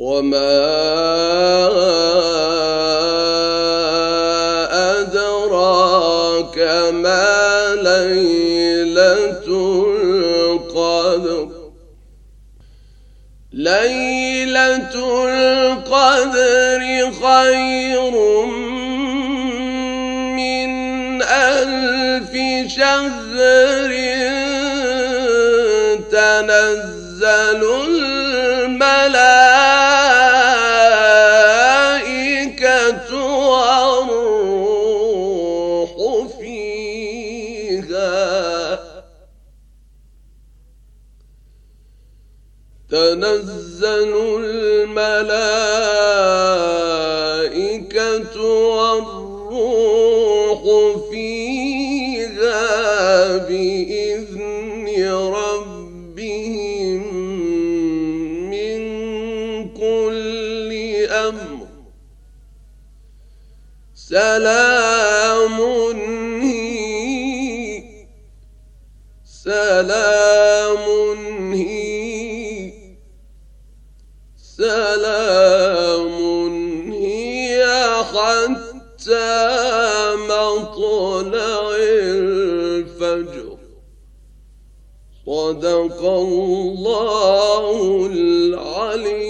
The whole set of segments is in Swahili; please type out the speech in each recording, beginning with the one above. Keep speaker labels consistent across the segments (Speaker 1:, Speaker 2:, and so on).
Speaker 1: وما أدراك ما سلام هي سلام هي سلام هي حتى مطلع الفجر صدق الله العليم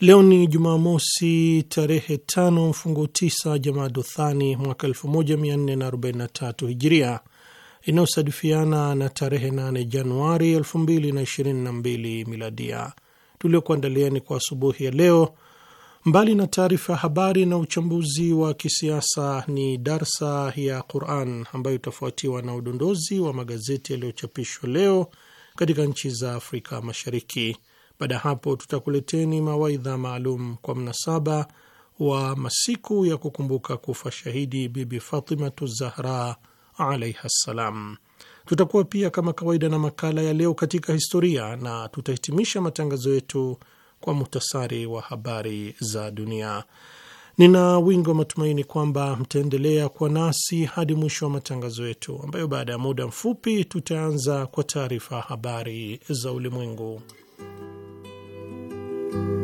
Speaker 2: Leo ni Jumamosi tarehe tano mfungo tisa Jamaaduthani mwaka 1443 Hijiria, inayosadifiana na tarehe 8 Januari 2022 Miladia. Tuliokuandaliani kwa asubuhi ya leo, mbali na taarifa ya habari na uchambuzi wa kisiasa, ni darsa ya Quran ambayo itafuatiwa na udondozi wa magazeti yaliyochapishwa leo katika nchi za Afrika Mashariki. Baada ya hapo, tutakuleteni mawaidha maalum kwa mnasaba wa masiku ya kukumbuka kufa shahidi Bibi Fatimatu Zahra alaiha ssalam. Tutakuwa pia kama kawaida na makala ya leo katika historia na tutahitimisha matangazo yetu kwa muhtasari wa habari za dunia. Nina wingi wa matumaini kwamba mtaendelea kuwa nasi hadi mwisho wa matangazo yetu, ambayo baada ya muda mfupi tutaanza kwa taarifa habari za ulimwengu. thank you.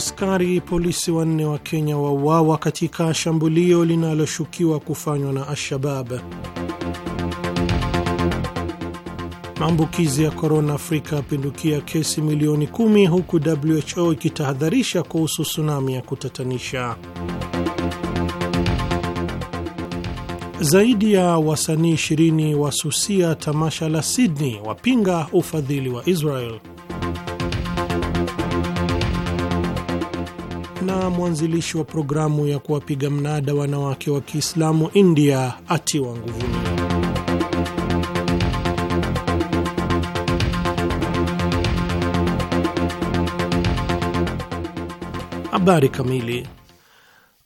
Speaker 2: Askari polisi wanne wa Kenya wauawa katika shambulio linaloshukiwa kufanywa na Al-Shabab. Maambukizi ya korona Afrika yapindukia kesi milioni kumi huku WHO ikitahadharisha kuhusu tsunami ya kutatanisha. Zaidi ya wasanii 20 wasusia tamasha la Sydney, wapinga ufadhili wa Israel. na mwanzilishi wa programu ya kuwapiga mnada wanawake wa Kiislamu India atiwa nguvuni. Habari kamili.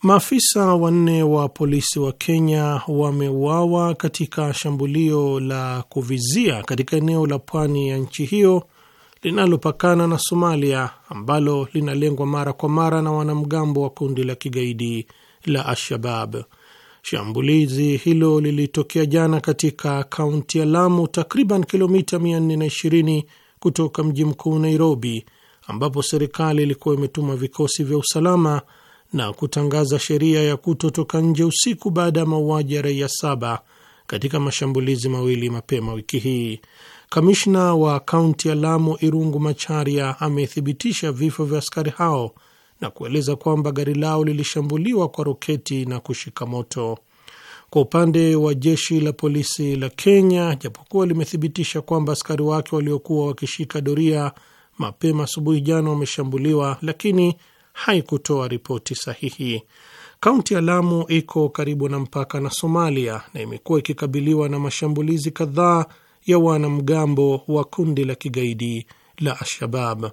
Speaker 2: Maafisa wanne wa polisi wa Kenya wameuawa katika shambulio la kuvizia katika eneo la pwani ya nchi hiyo linalopakana na Somalia ambalo linalengwa mara kwa mara na wanamgambo wa kundi la kigaidi la Al-Shabab. Shambulizi hilo lilitokea jana katika kaunti ya Lamu, takriban kilomita 420 kutoka mji mkuu Nairobi, ambapo serikali ilikuwa imetuma vikosi vya usalama na kutangaza sheria ya kutotoka nje usiku baada ya mauaji ya raia saba katika mashambulizi mawili mapema wiki hii. Kamishna wa kaunti ya Lamu Irungu Macharia amethibitisha vifo vya askari hao na kueleza kwamba gari lao lilishambuliwa kwa roketi na kushika moto. Kwa upande wa jeshi la polisi la Kenya, japokuwa limethibitisha kwamba askari wake waliokuwa wakishika doria mapema asubuhi jana wameshambuliwa, lakini haikutoa ripoti sahihi. Kaunti ya Lamu iko karibu na mpaka na Somalia na imekuwa ikikabiliwa na mashambulizi kadhaa ya wanamgambo wa kundi la kigaidi la al-shabab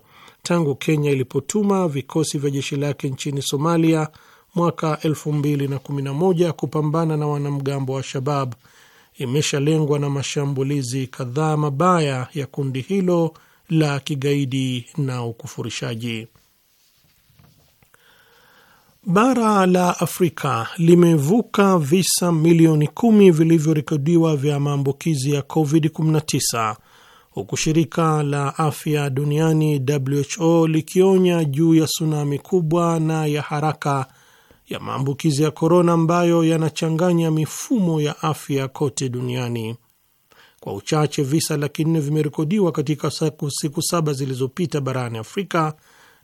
Speaker 2: Tangu Kenya ilipotuma vikosi vya jeshi lake nchini Somalia mwaka 2011 kupambana na wanamgambo wa Al-Shabab, imeshalengwa na mashambulizi kadhaa mabaya ya kundi hilo la kigaidi na ukufurishaji. Bara la Afrika limevuka visa milioni kumi vilivyorekodiwa vya maambukizi ya COVID-19 huku shirika la afya duniani WHO likionya juu ya tsunami kubwa na ya haraka ya maambukizi ya korona ambayo yanachanganya mifumo ya afya kote duniani. Kwa uchache visa laki nne vimerekodiwa katika siku saba zilizopita barani Afrika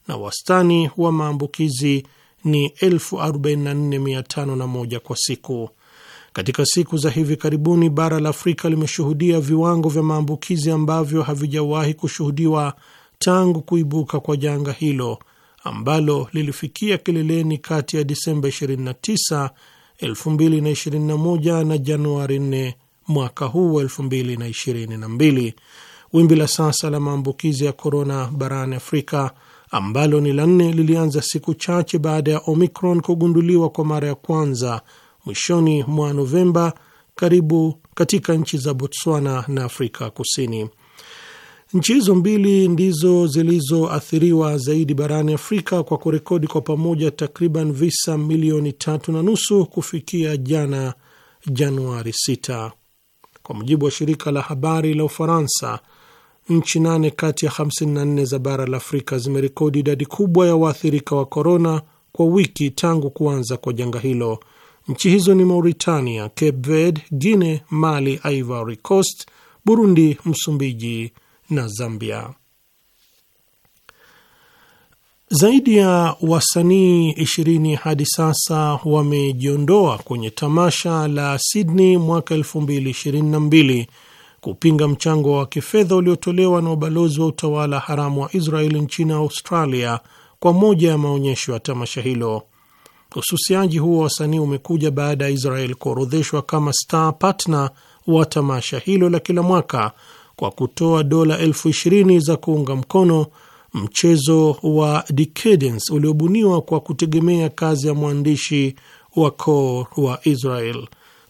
Speaker 2: na wastani wa maambukizi ni 44501 kwa siku. Katika siku za hivi karibuni, bara la Afrika limeshuhudia viwango vya maambukizi ambavyo havijawahi kushuhudiwa tangu kuibuka kwa janga hilo ambalo lilifikia kileleni kati ya Disemba 29, 2021 na Januari 4 mwaka huu wa 2022. Wimbi la sasa la maambukizi ya korona barani Afrika ambalo ni la nne lilianza siku chache baada ya Omicron kugunduliwa kwa mara ya kwanza mwishoni mwa Novemba karibu katika nchi za Botswana na Afrika Kusini. Nchi hizo mbili ndizo zilizoathiriwa zaidi barani Afrika kwa kurekodi kwa pamoja takriban visa milioni tatu na nusu kufikia jana Januari 6, kwa mujibu wa shirika la habari la Ufaransa nchi nane kati ya 54 za bara la Afrika zimerekodi idadi kubwa ya waathirika wa korona kwa wiki tangu kuanza kwa janga hilo. Nchi hizo ni Mauritania, Cape Verde, guine Mali, Ivory Coast, Burundi, Msumbiji na Zambia. Zaidi ya wasanii 20 hadi sasa wamejiondoa kwenye tamasha la Sydney mwaka mbili kupinga mchango wa kifedha uliotolewa na ubalozi wa utawala haramu wa israel nchini Australia kwa moja ya maonyesho ya tamasha hilo. Ususiaji huo wa wasanii umekuja baada ya Israel kuorodheshwa kama star partner wa tamasha hilo la kila mwaka kwa kutoa dola elfu ishirini za kuunga mkono mchezo wa Decadence uliobuniwa kwa kutegemea kazi ya mwandishi wa Kor wa Israel.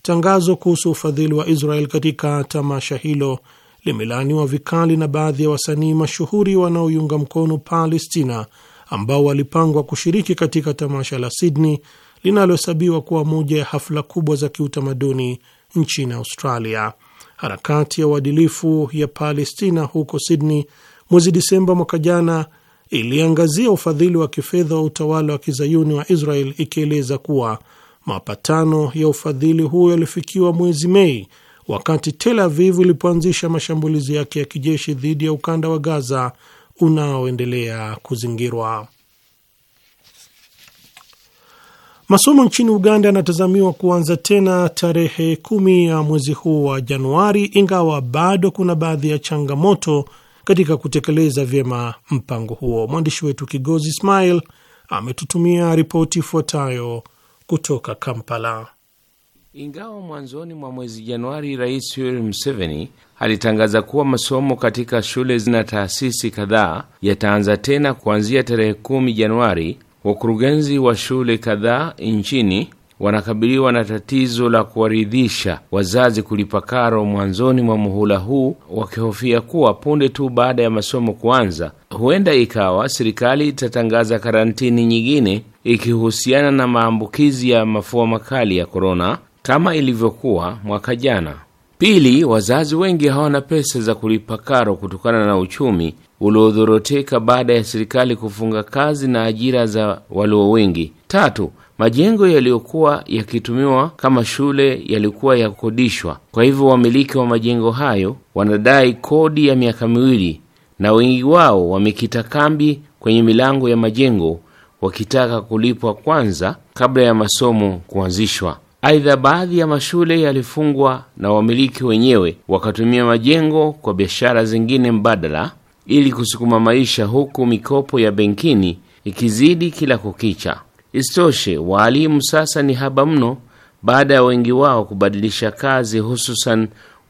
Speaker 2: Tangazo kuhusu ufadhili wa Israel katika tamasha hilo limelaaniwa vikali na baadhi ya wasanii mashuhuri wanaoiunga mkono Palestina ambao walipangwa kushiriki katika tamasha la Sydney linalohesabiwa kuwa moja ya hafla kubwa za kiutamaduni nchini Australia. Harakati ya uadilifu ya Palestina huko Sydney mwezi Disemba mwaka jana iliangazia ufadhili wa kifedha wa utawala wa kizayuni wa Israel ikieleza kuwa Mapatano ya ufadhili huo yalifikiwa mwezi Mei wakati Tel Aviv ilipoanzisha mashambulizi yake ya kijeshi dhidi ya ukanda wa Gaza unaoendelea kuzingirwa. Masomo nchini Uganda yanatazamiwa kuanza tena tarehe kumi ya mwezi huu wa Januari, ingawa bado kuna baadhi ya changamoto katika kutekeleza vyema mpango huo. Mwandishi wetu Kigozi Ismail ametutumia ripoti ifuatayo kutoka Kampala.
Speaker 3: Ingawa mwanzoni mwa mwezi Januari Rais Yoweri Museveni alitangaza kuwa masomo katika shule na taasisi kadhaa yataanza tena kuanzia tarehe kumi Januari, wakurugenzi wa shule kadhaa nchini wanakabiliwa na tatizo la kuwaridhisha wazazi kulipa karo mwanzoni mwa muhula huu, wakihofia kuwa punde tu baada ya masomo kuanza, huenda ikawa serikali itatangaza karantini nyingine ikihusiana na maambukizi ya mafua makali ya korona kama ilivyokuwa mwaka jana. Pili, wazazi wengi hawana pesa za kulipa karo kutokana na uchumi uliodhoroteka baada ya serikali kufunga kazi na ajira za walio wengi. Tatu, Majengo yaliyokuwa yakitumiwa kama shule yalikuwa ya kukodishwa. Kwa hivyo wamiliki wa majengo hayo wanadai kodi ya miaka miwili, na wengi wao wamekita kambi kwenye milango ya majengo wakitaka kulipwa kwanza kabla ya masomo kuanzishwa. Aidha, baadhi ya mashule yalifungwa na wamiliki wenyewe wakatumia majengo kwa biashara zingine mbadala ili kusukuma maisha, huku mikopo ya benkini ikizidi kila kukicha. Isitoshe, waalimu sasa ni haba mno baada ya wengi wao kubadilisha kazi, hususan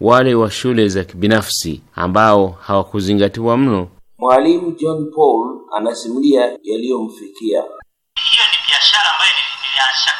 Speaker 3: wale wa shule za kibinafsi ambao hawakuzingatiwa mno. Mwalimu John Paul anasimulia yaliyomfikia. Hiyo ni biashara ambayo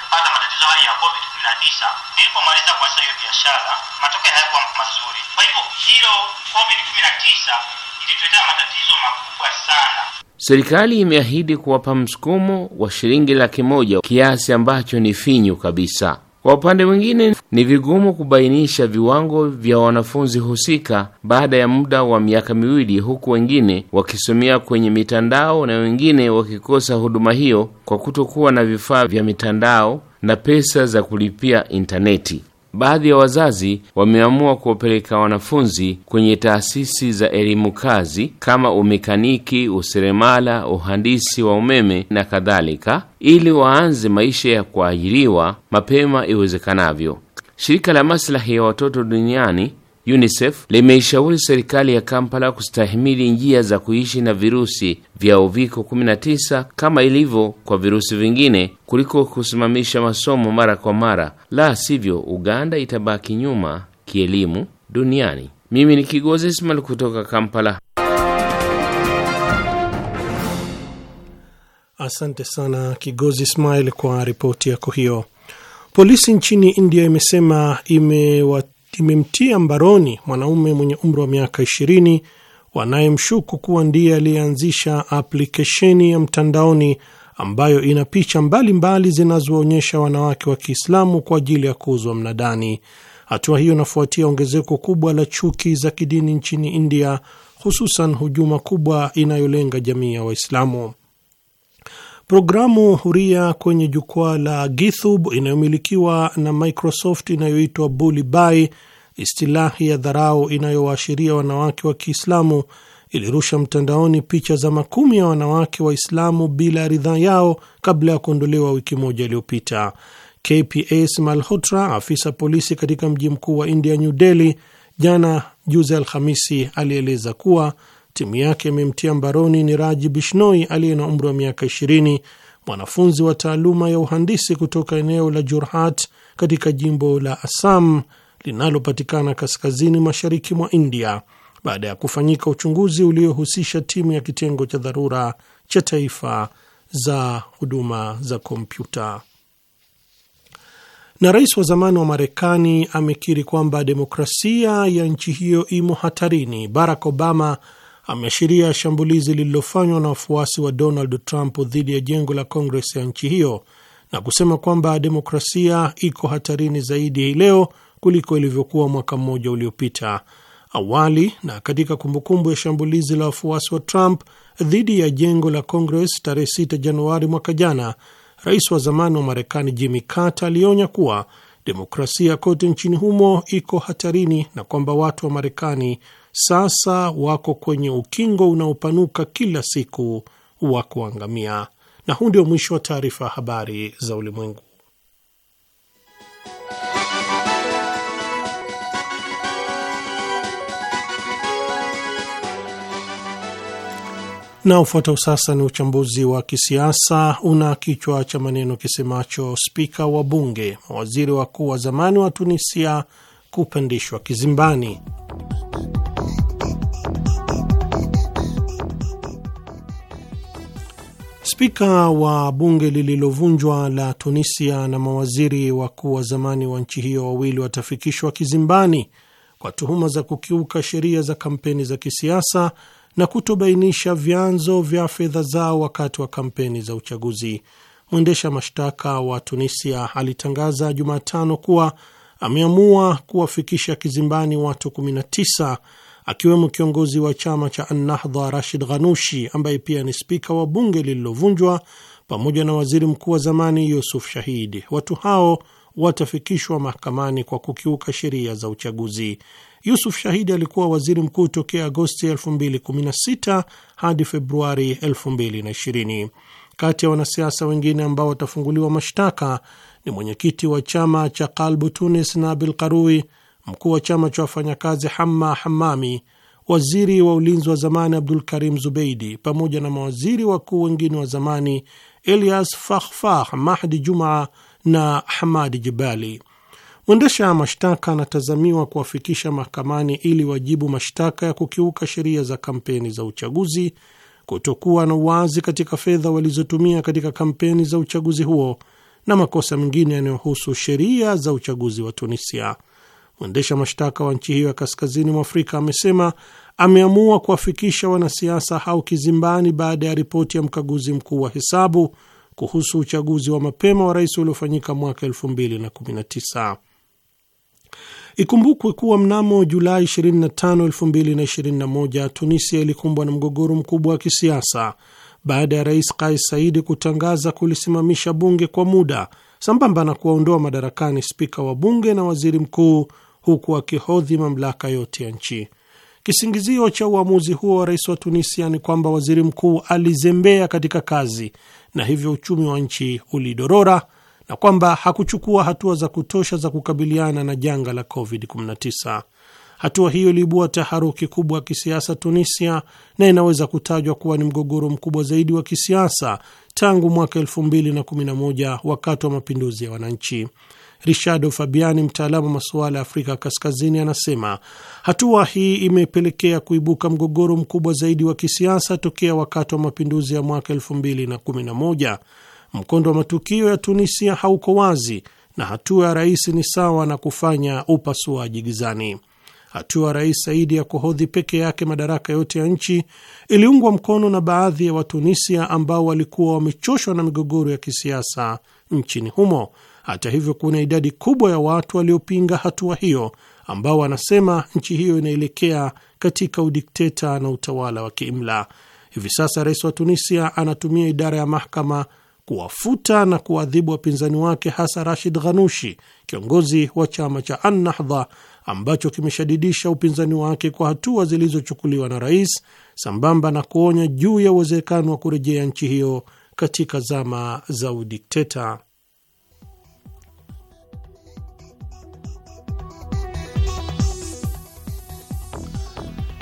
Speaker 3: kupata matatizo haya ya COVID
Speaker 4: 19. Nilipomaliza kwa sasa hiyo biashara, matokeo hayakuwa mazuri. Kwa hivyo hilo COVID 19 ilituletea matatizo
Speaker 3: makubwa sana. Serikali imeahidi kuwapa msukumo wa shilingi laki moja, kiasi ambacho ni finyu kabisa. Kwa upande mwingine, ni vigumu kubainisha viwango vya wanafunzi husika baada ya muda wa miaka miwili, huku wengine wakisomea kwenye mitandao na wengine wakikosa huduma hiyo kwa kutokuwa na vifaa vya mitandao na pesa za kulipia intaneti. Baadhi ya wazazi wameamua kuwapeleka wanafunzi kwenye taasisi za elimu kazi kama umekaniki, useremala, uhandisi wa umeme na kadhalika, ili waanze maisha ya kuajiriwa mapema iwezekanavyo. Shirika la maslahi ya watoto duniani UNICEF limeishauri serikali ya Kampala kustahimili njia za kuishi na virusi vya uviko 19 kama ilivyo kwa virusi vingine kuliko kusimamisha masomo mara kwa mara, la sivyo Uganda itabaki nyuma kielimu duniani. Mimi ni Kigozi Ismail kutoka Kampala.
Speaker 2: Asante sana Kigozi Ismail kwa ripoti yako hiyo. Polisi nchini India imesema imewa kimemtia mbaroni mwanaume mwenye umri wa miaka 20 wanayemshuku kuwa ndiye aliyeanzisha aplikesheni ya mtandaoni ambayo ina picha mbalimbali zinazoonyesha wanawake wa Kiislamu kwa ajili ya kuuzwa mnadani. Hatua hiyo inafuatia ongezeko kubwa la chuki za kidini nchini India, hususan hujuma kubwa inayolenga jamii ya Waislamu. Programu huria kwenye jukwaa la GitHub inayomilikiwa na Microsoft inayoitwa Bully Bai, istilahi ya dharau inayowaashiria wanawake wa Kiislamu, ilirusha mtandaoni picha za makumi ya wanawake Waislamu bila ridhaa yao kabla ya kuondolewa wiki moja iliyopita. KPS Malhotra, afisa polisi katika mji mkuu wa India, New Delhi, jana juzi Alhamisi, alieleza kuwa timu yake imemtia mbaroni ni Raji Bishnoi aliye na umri wa miaka 20, mwanafunzi wa taaluma ya uhandisi kutoka eneo la Jurhat katika jimbo la Assam linalopatikana kaskazini mashariki mwa India baada ya kufanyika uchunguzi uliohusisha timu ya kitengo cha dharura cha taifa za huduma za kompyuta. Na rais wa zamani wa Marekani amekiri kwamba demokrasia ya nchi hiyo imo hatarini. Barack Obama ameashiria shambulizi lililofanywa na wafuasi wa Donald Trump dhidi ya jengo la Kongres ya nchi hiyo na kusema kwamba demokrasia iko hatarini zaidi hii leo kuliko ilivyokuwa mwaka mmoja uliopita. Awali na katika kumbukumbu ya shambulizi la wafuasi wa Trump dhidi ya jengo la Kongres tarehe 6 Januari mwaka jana, rais wa zamani wa Marekani Jimmy Carter alionya kuwa demokrasia kote nchini humo iko hatarini na kwamba watu wa Marekani sasa wako kwenye ukingo unaopanuka kila siku wa kuangamia. Na huu ndio mwisho wa taarifa ya habari za ulimwengu. Na ufuatao sasa ni uchambuzi wa kisiasa una kichwa cha maneno kisemacho spika wa bunge, mawaziri wakuu wa zamani wa Tunisia kupandishwa kizimbani. Spika wa bunge lililovunjwa la Tunisia na mawaziri wakuu wa zamani wa nchi hiyo wawili watafikishwa kizimbani kwa tuhuma za kukiuka sheria za kampeni za kisiasa na kutobainisha vyanzo vya fedha zao wakati wa kampeni za uchaguzi. Mwendesha mashtaka wa Tunisia alitangaza Jumatano kuwa ameamua kuwafikisha kizimbani watu 19 akiwemo kiongozi wa chama cha Annahdha Rashid Ghanushi ambaye pia ni spika wa bunge lililovunjwa pamoja na waziri mkuu wa zamani Yusuf Shahidi. Watu hao watafikishwa mahakamani kwa kukiuka sheria za uchaguzi. Yusuf Shahidi alikuwa waziri mkuu tokea Agosti 2016 hadi Februari 2020. Kati ya wanasiasa wengine ambao watafunguliwa mashtaka ni mwenyekiti wa chama cha Kalbu Tunis Nabil Karui, mkuu wa chama cha wafanyakazi Hamma hamami waziri wa ulinzi wa zamani Abdul Karim Zubeidi, pamoja na mawaziri wakuu wengine wa zamani Elias Fakhfakh, Mahdi Jumaa na Hamadi Jibali. Mwendesha mashtaka anatazamiwa kuwafikisha mahakamani ili wajibu mashtaka ya kukiuka sheria za kampeni za uchaguzi, kutokuwa na uwazi katika fedha walizotumia katika kampeni za uchaguzi huo na makosa mengine yanayohusu sheria za uchaguzi wa Tunisia. Mwendesha mashtaka wa nchi hiyo ya kaskazini mwa Afrika amesema ameamua kuwafikisha wanasiasa hao kizimbani baada ya ripoti ya mkaguzi mkuu wa hesabu kuhusu uchaguzi wa mapema wa rais uliofanyika mwaka 2019. Ikumbukwe kuwa mnamo Julai 25, 2021 Tunisia ilikumbwa na mgogoro mkubwa wa kisiasa baada ya rais Kais Saidi kutangaza kulisimamisha bunge kwa muda sambamba na kuwaondoa madarakani spika wa bunge na waziri mkuu huku akihodhi mamlaka yote ya nchi. Kisingizio cha uamuzi huo wa rais wa Tunisia ni kwamba waziri mkuu alizembea katika kazi na hivyo uchumi wa nchi ulidorora na kwamba hakuchukua hatua za kutosha za kukabiliana na janga la COVID-19. Hatua hiyo iliibua taharuki kubwa ya kisiasa Tunisia na inaweza kutajwa kuwa ni mgogoro mkubwa zaidi wa kisiasa tangu mwaka 2011 wakati wa mapinduzi ya wananchi. Richardo Fabiani, mtaalamu wa masuala ya Afrika Kaskazini, anasema hatua hii imepelekea kuibuka mgogoro mkubwa zaidi wa kisiasa tokea wakati wa mapinduzi ya mwaka 2011. Mkondo wa matukio ya Tunisia hauko wazi na hatua ya rais ni sawa na kufanya upasuaji gizani. Hatua ya Rais Saidi ya kuhodhi peke yake madaraka yote ya nchi iliungwa mkono na baadhi ya Watunisia ambao walikuwa wamechoshwa na migogoro ya kisiasa nchini humo hata hivyo, kuna idadi kubwa ya watu waliopinga hatua wa hiyo ambao wanasema nchi hiyo inaelekea katika udikteta na utawala wa kiimla. Hivi sasa rais wa Tunisia anatumia idara ya mahakama kuwafuta na kuwaadhibu wapinzani wake, hasa Rashid Ghanushi, kiongozi wa chama cha Annahdha ambacho kimeshadidisha upinzani wake kwa hatua zilizochukuliwa na rais, sambamba na kuonya juu ya uwezekano wa kurejea nchi hiyo katika zama za udikteta.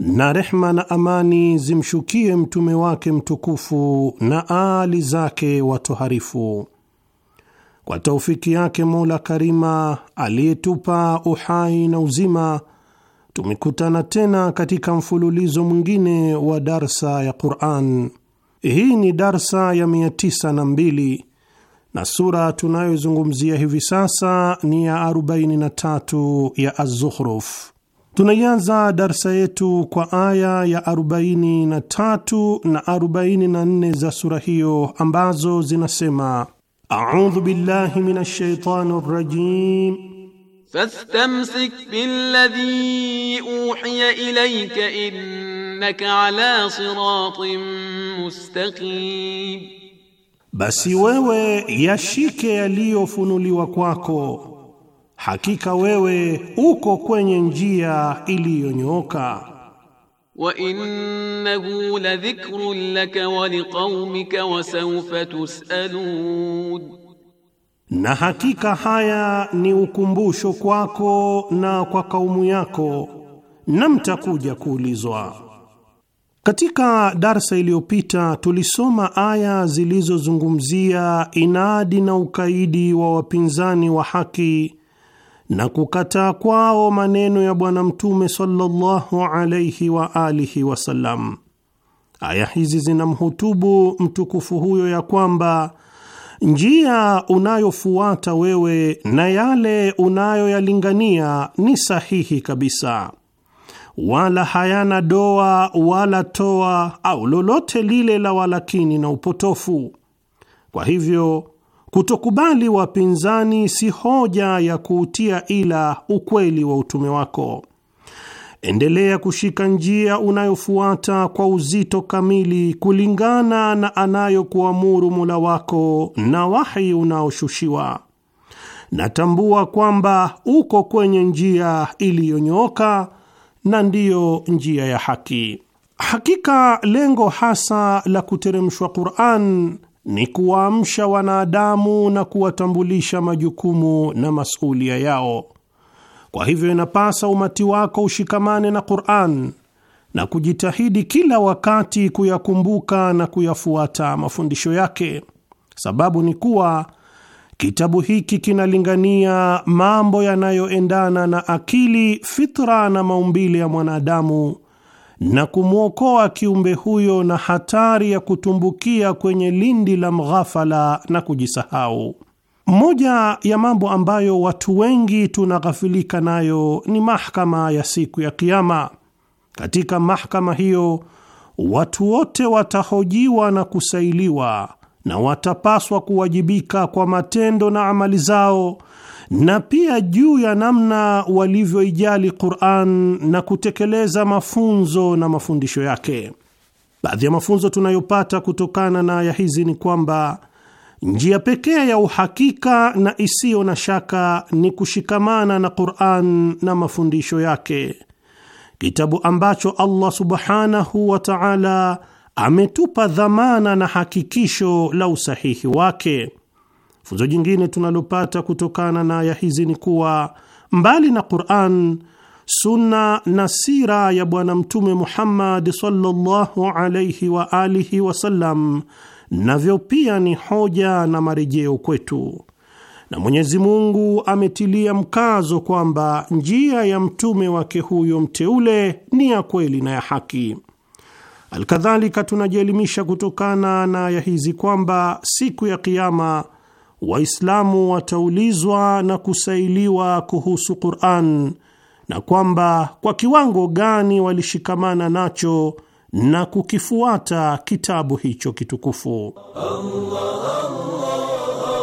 Speaker 2: na rehma na amani zimshukie mtume wake mtukufu na aali zake watoharifu. Kwa taufiki yake Mola Karima aliyetupa uhai na uzima, tumekutana tena katika mfululizo mwingine wa darsa ya Quran. Hii ni darsa ya 902 na sura tunayozungumzia hivi sasa ni ya 43 ya Az-Zukhruf. Tunaianza darsa yetu kwa aya ya 43 na 44 za sura hiyo ambazo zinasema: audhu billahi minash shaitani rajim
Speaker 5: fastamsik billadhi uhiya ilayka innaka ala siratin mustaqim,
Speaker 2: basi wewe yashike yaliyofunuliwa kwako hakika wewe uko kwenye njia iliyonyooka.
Speaker 5: wa innahu ladhikrun laka wa liqaumika wa sawfa tusalun,
Speaker 2: na hakika haya ni ukumbusho kwako na kwa kaumu yako na mtakuja kuulizwa. Katika darsa iliyopita tulisoma aya zilizozungumzia inadi na ukaidi wa wapinzani wa haki na kukataa kwao maneno ya Bwana Mtume sallallahu alaihi wa alihi wasallam. Aya hizi zinamhutubu mtukufu huyo ya kwamba njia unayofuata wewe na yale unayoyalingania ni sahihi kabisa, wala hayana doa wala toa au lolote lile la walakini na upotofu. Kwa hivyo Kutokubali wapinzani si hoja ya kuutia ila ukweli wa utume wako. Endelea kushika njia unayofuata kwa uzito kamili, kulingana na anayokuamuru Mola wako na wahi unaoshushiwa. Natambua kwamba uko kwenye njia iliyonyooka na ndiyo njia ya haki. Hakika lengo hasa la kuteremshwa Qur'an ni kuwaamsha wanadamu na kuwatambulisha majukumu na masulia yao. Kwa hivyo, inapasa umati wako ushikamane na Qur'an na kujitahidi kila wakati kuyakumbuka na kuyafuata mafundisho yake. Sababu ni kuwa kitabu hiki kinalingania mambo yanayoendana na akili, fitra na maumbile ya mwanadamu na kumwokoa kiumbe huyo na hatari ya kutumbukia kwenye lindi la mghafala na kujisahau. Moja ya mambo ambayo watu wengi tunaghafilika nayo ni mahakama ya siku ya Kiama. Katika mahakama hiyo watu wote watahojiwa na kusailiwa na watapaswa kuwajibika kwa matendo na amali zao na pia juu ya namna walivyoijali Qur'an na kutekeleza mafunzo na mafundisho yake. Baadhi ya mafunzo tunayopata kutokana na aya hizi ni kwamba njia pekee ya uhakika na isiyo na shaka ni kushikamana na Qur'an na mafundisho yake, kitabu ambacho Allah Subhanahu wa Ta'ala ametupa dhamana na hakikisho la usahihi wake. Funzo jingine tunalopata kutokana na aya hizi ni kuwa mbali na Qur'an, sunna na sira ya Bwana Mtume Muhammad sallallahu alayhi wa alihi wasallam navyo pia ni hoja na marejeo kwetu, na Mwenyezi Mungu ametilia mkazo kwamba njia ya mtume wake huyo mteule ni ya kweli na ya haki. Alkadhalika, tunajielimisha kutokana na aya hizi kwamba siku ya Kiyama Waislamu wataulizwa na kusailiwa kuhusu Qur'an na kwamba kwa kiwango gani walishikamana nacho na kukifuata kitabu hicho kitukufu. Allah, Allah.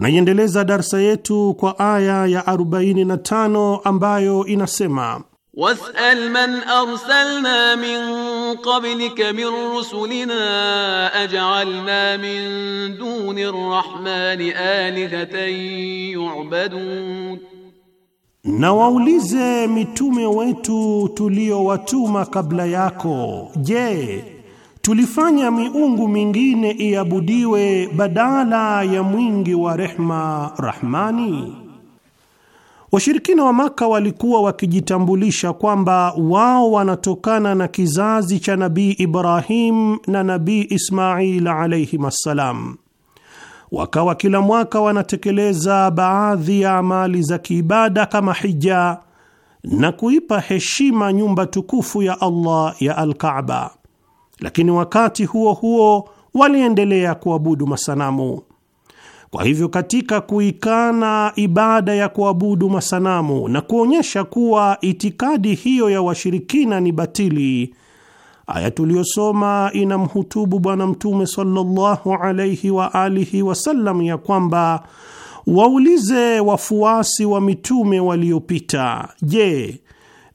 Speaker 2: Tunaiendeleza darsa yetu kwa aya ya 45 ambayo inasema
Speaker 5: was'al man arsalna min qablika min rusulina aj'alna min duni rrahmani alihatan yu'badun,
Speaker 2: na waulize mitume wetu tuliowatuma kabla yako, je, tulifanya miungu mingine iabudiwe badala ya mwingi wa rehma Rahmani. Washirikina wa Maka walikuwa wakijitambulisha kwamba wao wanatokana na kizazi cha Nabii Ibrahim na Nabii Ismail alayhim assalam. Wakawa kila mwaka wanatekeleza baadhi ya amali za kiibada kama hija na kuipa heshima nyumba tukufu ya Allah ya Alkaaba lakini wakati huo huo waliendelea kuabudu masanamu. Kwa hivyo katika kuikana ibada ya kuabudu masanamu na kuonyesha kuwa itikadi hiyo ya washirikina ni batili, aya tuliyosoma inamhutubu Bwana Mtume sallallahu alaihi wa alihi wasallam ya kwamba waulize wafuasi wa mitume waliopita, je,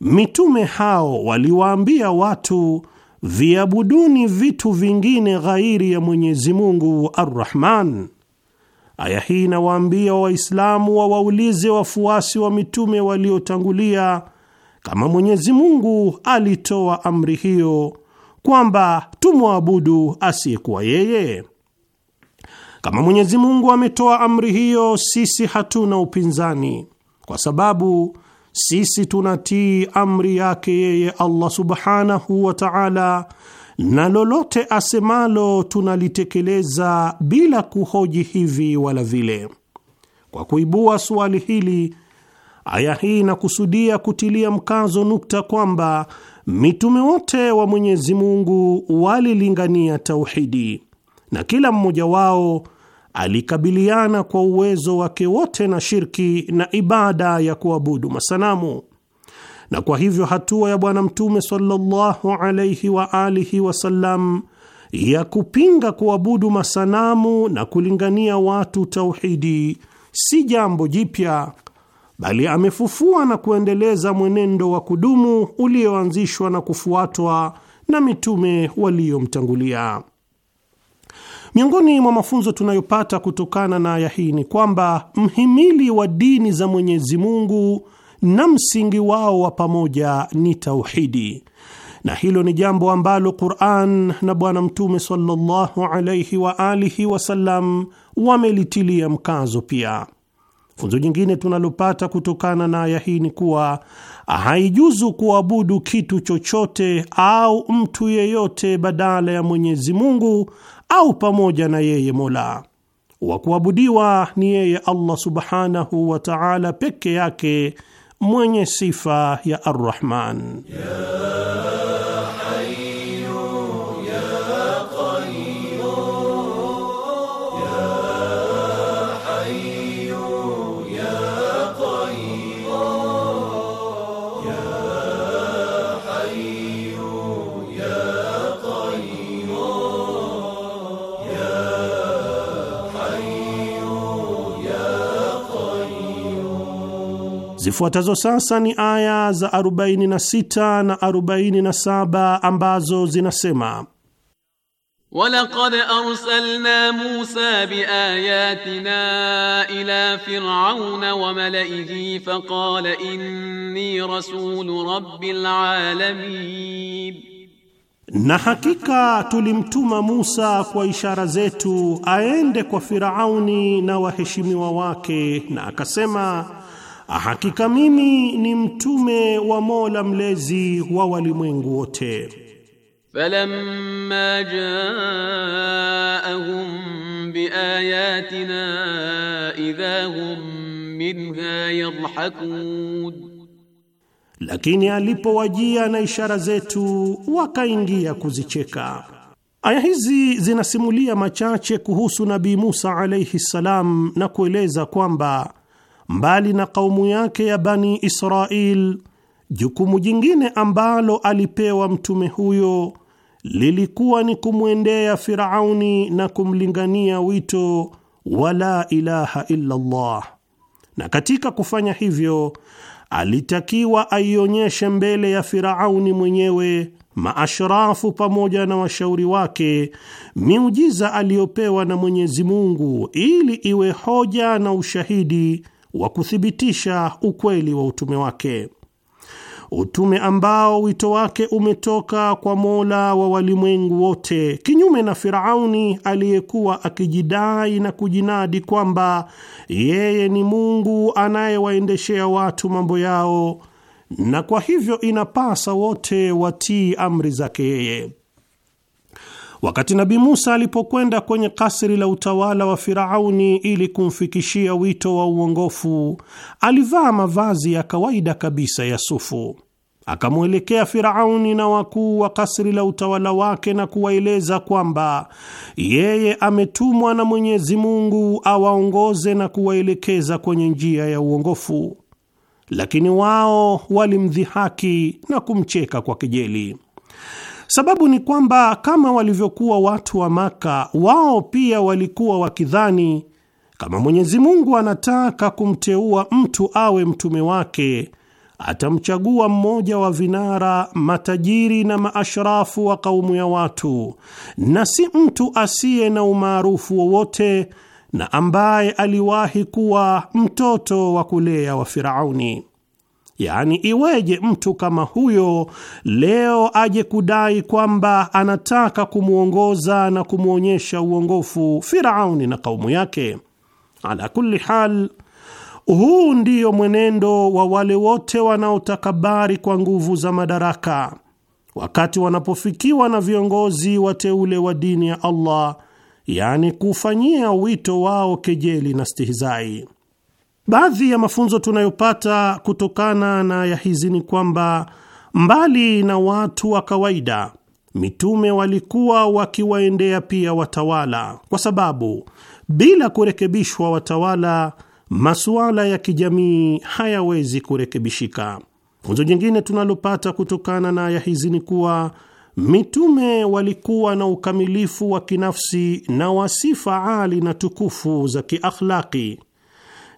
Speaker 2: mitume hao waliwaambia watu viabuduni vitu vingine ghairi ya Mwenyezi Mungu Arrahman. Aya hii inawaambia Waislamu wawaulize wafuasi wa mitume waliotangulia kama Mwenyezi Mungu alitoa amri hiyo kwamba tumwabudu asiyekuwa yeye. Kama Mwenyezi Mungu ametoa amri hiyo, sisi hatuna upinzani, kwa sababu sisi tunatii amri yake yeye Allah subhanahu wa ta'ala, na lolote asemalo tunalitekeleza bila kuhoji hivi wala vile. Kwa kuibua suali hili, aya hii inakusudia kutilia mkazo nukta kwamba mitume wote wa Mwenyezi Mungu walilingania tauhidi na kila mmoja wao alikabiliana kwa uwezo wake wote na shirki na ibada ya kuabudu masanamu, na kwa hivyo hatua ya Bwana Mtume sallallahu alaihi wa alihi wasallam ya kupinga kuabudu masanamu na kulingania watu tauhidi si jambo jipya, bali amefufua na kuendeleza mwenendo wa kudumu ulioanzishwa na kufuatwa na mitume waliomtangulia. Miongoni mwa mafunzo tunayopata kutokana na aya hii ni kwamba mhimili wa dini za Mwenyezi Mungu na msingi wao wa pamoja ni tauhidi, na hilo ni jambo ambalo Qur'an na Bwana Mtume sallallahu alayhi wa alihi wasallam wamelitilia mkazo. Pia funzo jingine tunalopata kutokana na aya hii ni kuwa haijuzu kuabudu kitu chochote au mtu yeyote badala ya Mwenyezi Mungu au pamoja na yeye Mola. Wa kuabudiwa ni yeye Allah subhanahu wa ta'ala peke yake mwenye sifa ya Ar-Rahman ya Zifuatazo sasa ni aya za 46 na 47 ambazo zinasema
Speaker 5: Walaqad arsalna Musa biayatina ila fir'auna wa malaihi faqala inni rasulu rabbil alamin,
Speaker 2: na hakika tulimtuma Musa kwa ishara zetu aende kwa Firauni na waheshimiwa wake, na akasema Hakika mimi ni mtume wa Mola mlezi wa walimwengu wote.
Speaker 5: Falamma jaahum biayatina idha hum minha yadhhakun,
Speaker 2: lakini alipowajia na ishara zetu wakaingia kuzicheka. Aya hizi zinasimulia machache kuhusu Nabii Musa alayhi salam na kueleza kwamba mbali na kaumu yake ya Bani Israil, jukumu jingine ambalo alipewa mtume huyo lilikuwa ni kumwendea Firauni na kumlingania wito wa la ilaha illa Allah, na katika kufanya hivyo alitakiwa aionyeshe mbele ya Firauni mwenyewe maashrafu pamoja na washauri wake miujiza aliyopewa na Mwenyezi Mungu ili iwe hoja na ushahidi wa kuthibitisha ukweli wa utume wake, utume ambao wito wake umetoka kwa Mola wa walimwengu wote, kinyume na Firauni aliyekuwa akijidai na kujinadi kwamba yeye ni Mungu anayewaendeshea watu mambo yao, na kwa hivyo inapasa wote watii amri zake yeye. Wakati Nabi Musa alipokwenda kwenye kasri la utawala wa Firauni ili kumfikishia wito wa uongofu, alivaa mavazi ya kawaida kabisa ya sufu. Akamwelekea Firauni na wakuu wa kasri la utawala wake na kuwaeleza kwamba yeye ametumwa na Mwenyezi Mungu awaongoze na kuwaelekeza kwenye njia ya uongofu, lakini wao walimdhihaki na kumcheka kwa kejeli. Sababu ni kwamba kama walivyokuwa watu wa Maka, wao pia walikuwa wakidhani kama Mwenyezi Mungu anataka kumteua mtu awe mtume wake, atamchagua mmoja wa vinara matajiri na maashrafu wa kaumu ya watu, na si mtu asiye na umaarufu wowote na ambaye aliwahi kuwa mtoto wa kulea wa Firauni. Yaani, iweje mtu kama huyo leo aje kudai kwamba anataka kumwongoza na kumwonyesha uongofu Firauni na kaumu yake? Ala kulli hal, huu ndiyo mwenendo wa wale wote wanaotakabari kwa nguvu za madaraka, wakati wanapofikiwa na viongozi wateule wa dini ya Allah, yaani kufanyia wito wao kejeli na stihizai. Baadhi ya mafunzo tunayopata kutokana na ya hizi ni kwamba mbali na watu wa kawaida, mitume walikuwa wakiwaendea pia watawala, kwa sababu bila kurekebishwa watawala, masuala ya kijamii hayawezi kurekebishika. Funzo jingine tunalopata kutokana na ya hizi ni kuwa mitume walikuwa na ukamilifu wa kinafsi na wasifa ali na tukufu za kiakhlaki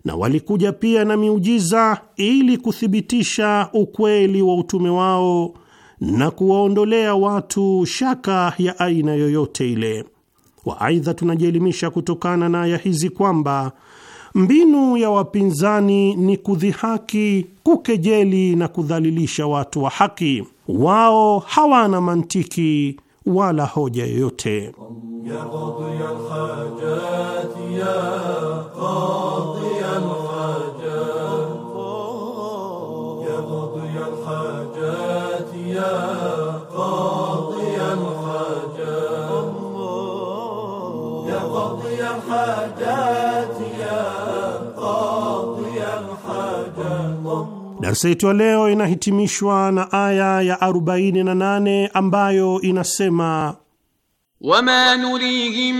Speaker 2: na walikuja pia na miujiza ili kuthibitisha ukweli wa utume wao na kuwaondolea watu shaka ya aina yoyote ile. Waaidha, tunajielimisha kutokana na aya hizi kwamba mbinu ya wapinzani ni kudhihaki, kukejeli na kudhalilisha watu wa haki. Wao hawana mantiki wala hoja yoyote ya Darsa yetu ya leo inahitimishwa na aya ya 48 ambayo inasema wama nurihim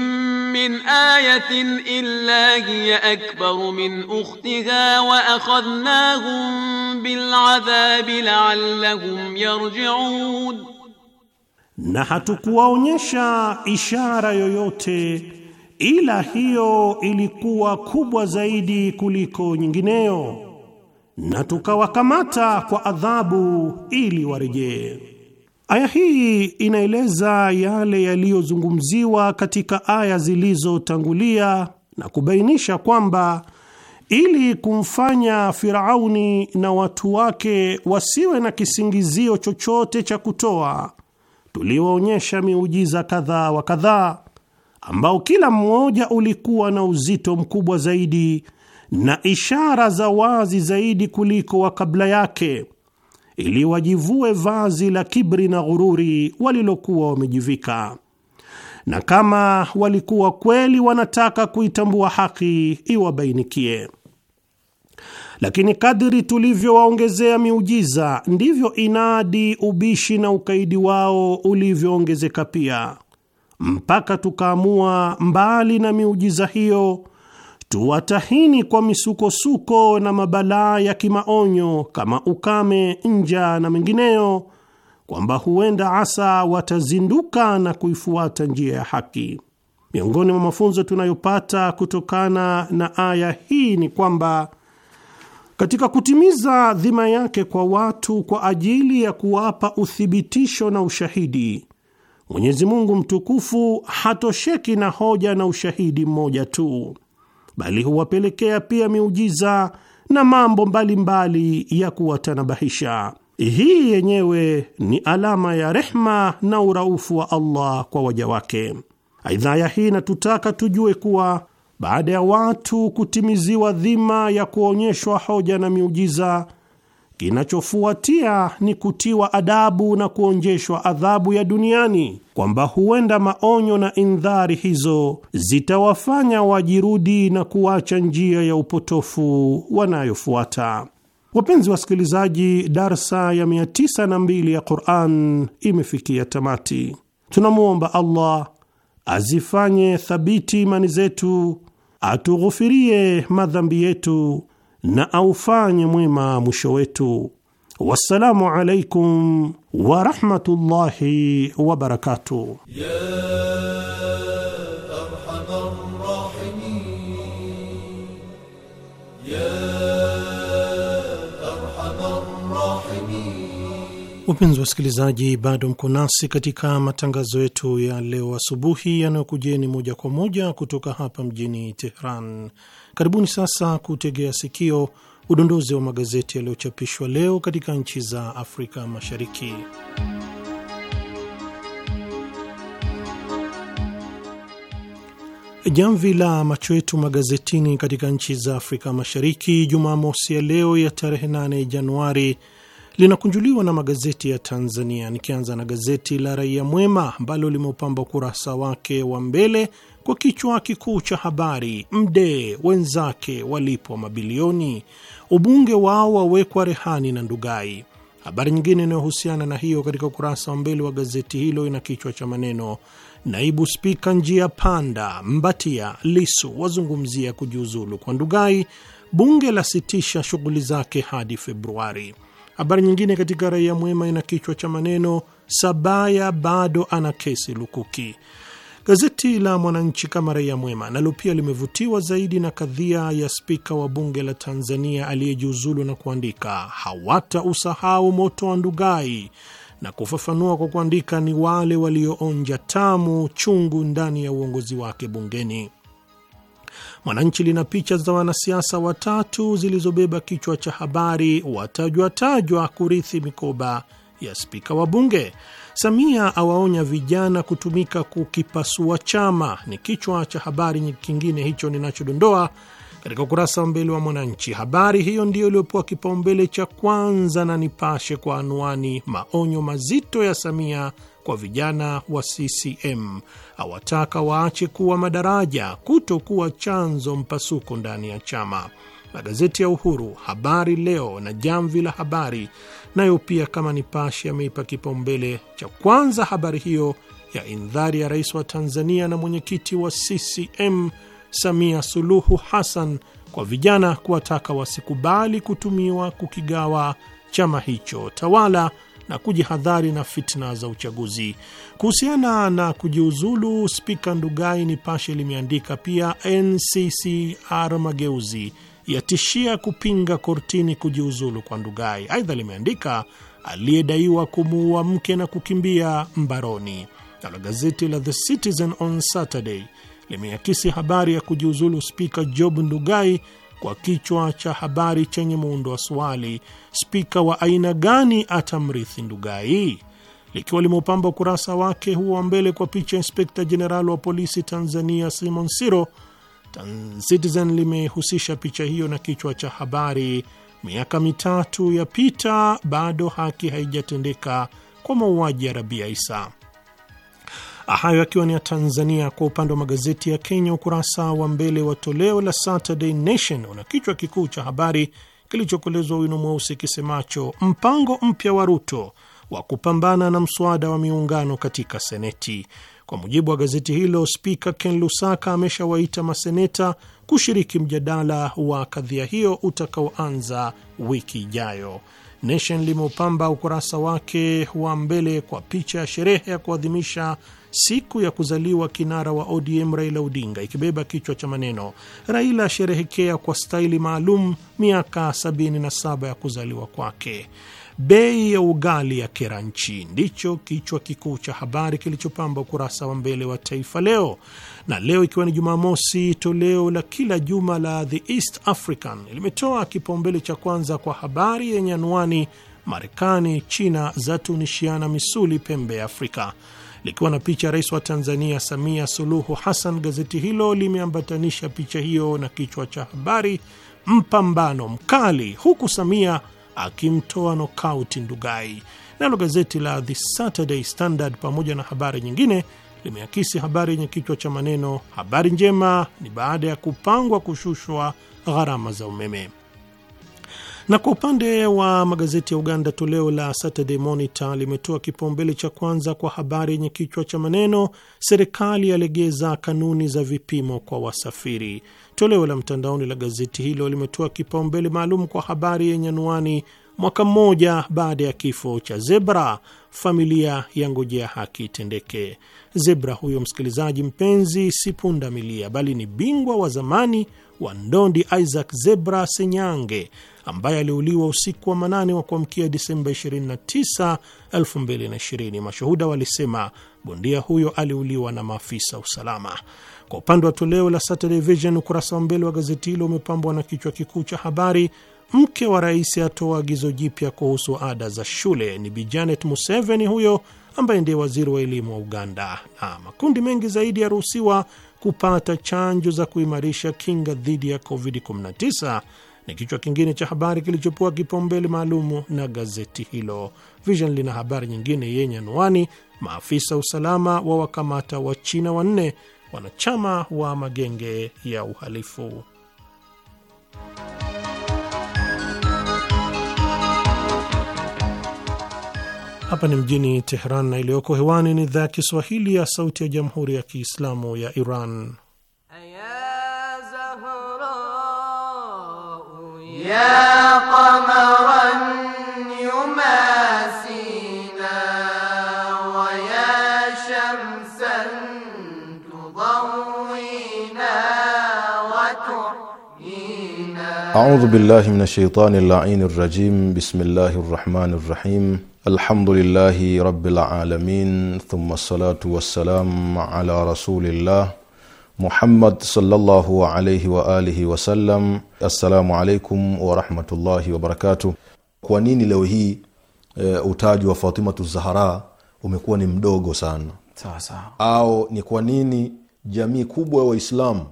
Speaker 5: min ayatin illa hiya akbar min ukhtiha wa akhadnahum bil adhabi la'allahum yarji'un,
Speaker 2: na hatukuwaonyesha ishara yoyote ila hiyo ilikuwa kubwa zaidi kuliko nyingineyo, na tukawakamata kwa adhabu ili warejee. Aya hii inaeleza yale yaliyozungumziwa katika aya zilizotangulia na kubainisha kwamba ili kumfanya Firauni na watu wake wasiwe na kisingizio chochote cha kutoa, tuliwaonyesha miujiza kadhaa wa kadhaa ambao kila mmoja ulikuwa na uzito mkubwa zaidi na ishara za wazi zaidi kuliko wa kabla yake, ili wajivue vazi la kibri na ghururi walilokuwa wamejivika. Na kama walikuwa kweli wanataka kuitambua haki, iwabainikie. Lakini kadri tulivyowaongezea miujiza, ndivyo inadi, ubishi na ukaidi wao ulivyoongezeka pia mpaka tukaamua mbali na miujiza hiyo tuwatahini kwa misukosuko na mabalaa ya kimaonyo kama ukame, njaa na mengineyo, kwamba huenda asa watazinduka na kuifuata njia ya haki. Miongoni mwa mafunzo tunayopata kutokana na aya hii ni kwamba katika kutimiza dhima yake kwa watu kwa ajili ya kuwapa uthibitisho na ushahidi Mwenyezi Mungu mtukufu hatosheki na hoja na ushahidi mmoja tu, bali huwapelekea pia miujiza na mambo mbalimbali mbali ya kuwatanabahisha. Hii yenyewe ni alama ya rehma na uraufu wa Allah kwa waja wake. Aidha, ya hii inatutaka tujue kuwa baada ya watu kutimiziwa dhima ya kuonyeshwa hoja na miujiza Kinachofuatia ni kutiwa adabu na kuonjeshwa adhabu ya duniani, kwamba huenda maonyo na indhari hizo zitawafanya wajirudi na kuacha njia ya upotofu wanayofuata. Wapenzi wasikilizaji, darsa ya 92 ya Quran imefikia tamati. Tunamwomba Allah azifanye thabiti imani zetu, atughufirie madhambi yetu na aufanye mwema mwisho wetu. Wassalamu alaikum warahmatullahi wabarakatuh. Wapenzi wasikilizaji, bado mko nasi katika matangazo yetu ya leo asubuhi yanayokujeni moja kwa moja kutoka hapa mjini Tehran. Karibuni sasa kutegea sikio udondozi wa magazeti yaliyochapishwa leo katika nchi za Afrika Mashariki. Jamvi la macho yetu magazetini katika nchi za Afrika Mashariki Jumamosi ya leo ya tarehe 8 Januari linakunjuliwa na magazeti ya Tanzania, nikianza na gazeti la Raia Mwema ambalo limeupamba ukurasa wake wa mbele kwa kichwa kikuu cha habari Mdee wenzake walipwa mabilioni, ubunge wao wawekwa rehani na Ndugai. Habari nyingine inayohusiana na hiyo katika ukurasa wa mbele wa gazeti hilo ina kichwa cha maneno naibu spika njia panda, Mbatia Lisu wazungumzia kujiuzulu kwa Ndugai, bunge lasitisha shughuli zake hadi Februari. Habari nyingine katika Raia Mwema ina kichwa cha maneno Sabaya bado ana kesi lukuki. Gazeti la Mwananchi kama raia mwema nalo pia limevutiwa zaidi na kadhia ya spika wa bunge la Tanzania aliyejiuzulu na kuandika hawata usahau moto wa Ndugai na kufafanua kwa kuandika ni wale walioonja tamu chungu ndani ya uongozi wake bungeni. Mwananchi lina picha za wanasiasa watatu zilizobeba kichwa cha habari watajwa tajwa kurithi mikoba ya spika wa bunge. Samia awaonya vijana kutumika kukipasua chama, ni kichwa cha habari kingine hicho ninachodondoa katika ukurasa wa mbele wa Mwananchi. Habari hiyo ndiyo iliyopewa kipaumbele cha kwanza na Nipashe kwa anwani, maonyo mazito ya Samia kwa vijana wa CCM, awataka waache kuwa madaraja, kutokuwa chanzo mpasuko ndani ya chama magazeti ya Uhuru, Habari Leo na Jamvi la Habari nayo pia kama nipashi yameipa kipaumbele cha kwanza habari hiyo ya indhari ya rais wa Tanzania na mwenyekiti wa CCM Samia Suluhu Hassan kwa vijana, kuwataka wasikubali kutumiwa kukigawa chama hicho tawala na kujihadhari na fitna za uchaguzi. Kuhusiana na kujiuzulu spika Ndugai, Nipashe limeandika pia NCCR Mageuzi yatishia kupinga kortini kujiuzulu kwa Ndugai. Aidha limeandika aliyedaiwa kumuua mke na kukimbia mbaroni. Nalo gazeti la The Citizen on Saturday limeakisi habari ya kujiuzulu spika Job Ndugai kwa kichwa cha habari chenye muundo wa swali, spika wa aina gani atamrithi Ndugai, likiwa limeupamba ukurasa wake huo wa mbele kwa picha ya inspekta jenerali wa polisi Tanzania Simon Siro Citizen limehusisha picha hiyo na kichwa cha habari, miaka mitatu ya pita bado haki haijatendeka kwa mauaji ya Rabia Isa. Hayo akiwa ni ya Tanzania. Kwa upande wa magazeti ya Kenya, ukurasa wa mbele wa toleo la Saturday Nation una kichwa kikuu cha habari kilichokolezwa wino mweusi kisemacho mpango mpya wa Ruto wa kupambana na mswada wa miungano katika Seneti. Kwa mujibu wa gazeti hilo, spika Ken Lusaka ameshawaita maseneta kushiriki mjadala wa kadhia hiyo utakaoanza wiki ijayo. Nation limeupamba ukurasa wake wa mbele kwa picha ya sherehe ya kuadhimisha siku ya kuzaliwa kinara wa ODM Raila Odinga, ikibeba kichwa cha maneno Raila asherehekea kwa staili maalum miaka 77 ya kuzaliwa kwake bei ya ugali ya nchi ndicho kichwa kikuu cha habari kilichopamba ukurasa wa mbele wa Taifa Leo. Na leo ikiwa ni Jumamosi, toleo la kila juma la The East African limetoa kipaumbele cha kwanza kwa habari yenye anwani Marekani, China zatunishiana misuli pembe ya Afrika, likiwa na picha rais wa Tanzania Samia Suluhu Hassan. Gazeti hilo limeambatanisha picha hiyo na kichwa cha habari mpambano mkali, huku Samia akimtoa nokauti Ndugai. Nalo gazeti la The Saturday Standard pamoja na habari nyingine limeakisi habari yenye kichwa cha maneno habari njema ni baada ya kupangwa kushushwa gharama za umeme. Na kwa upande wa magazeti ya Uganda, toleo la Saturday Monitor limetoa kipaumbele cha kwanza kwa habari yenye kichwa cha maneno serikali yalegeza kanuni za vipimo kwa wasafiri. Toleo la mtandaoni la gazeti hilo limetoa kipaumbele maalum kwa habari yenye anwani mwaka mmoja baada ya kifo cha Zebra, familia ya ngojea haki itendeke. Zebra huyo, msikilizaji mpenzi, si punda milia, bali ni bingwa wa zamani wa ndondi Isaac Zebra Senyange ambaye aliuliwa usiku wa manane wa kuamkia Disemba 29, 2020. Mashuhuda walisema bondia huyo aliuliwa na maafisa usalama. Kwa upande wa toleo la Saturday Vision, ukurasa wa mbele wa gazeti hilo umepambwa na kichwa kikuu cha habari mke wa rais atoa agizo jipya kuhusu ada za shule. Ni Bi Janet Museveni huyo ambaye ndiye waziri wa elimu wa Uganda, na makundi mengi zaidi yaruhusiwa kupata chanjo za kuimarisha kinga dhidi ya COVID-19 ni kichwa kingine cha habari kilichopewa kipaumbele maalumu na gazeti hilo. Vision lina habari nyingine yenye anwani, maafisa usalama wa wakamata wa China wanne wanachama wa magenge ya uhalifu. Hapa ni mjini Teheran na iliyoko hewani ni idhaa ya Kiswahili ya Sauti ya Jamhuri ya Kiislamu ya Iran. Ya Zahra,
Speaker 4: ya
Speaker 6: أعوذ بالله من الشيطان اللعين الرجيم بسم الله الرحمن الرحيم الحمد لله رب العالمين ثم الصلاة والسلام على رسول الله محمد صلى الله عليه وآله وسلم السلام عليكم ورحمة الله وبركاته kwa nini leo hii e, utaji wa fatimatu zahara umekuwa ni mdogo sana sawa sawa au ni kwa nini jamii kubwa ya waislamu